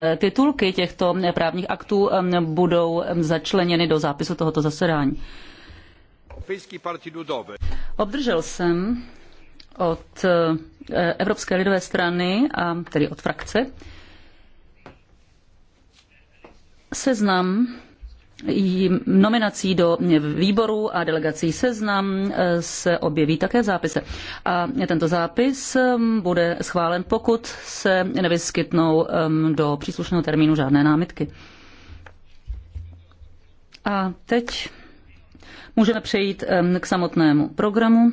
Eh, titulky těchto eh, právních aktů eh, budou začleněny do zápisu tohoto zasedání. Obdržel jsem od Evropské lidové strany, a tedy od frakce, seznam nominací do výborů a delegací seznam eh, se objeví také v zápise. A tento zápis ehm, bude schválen, pokud se nevyskytnou ehm, do příslušného termínu žádné námitky. A teď můžeme přejít ehm, k samotnému programu.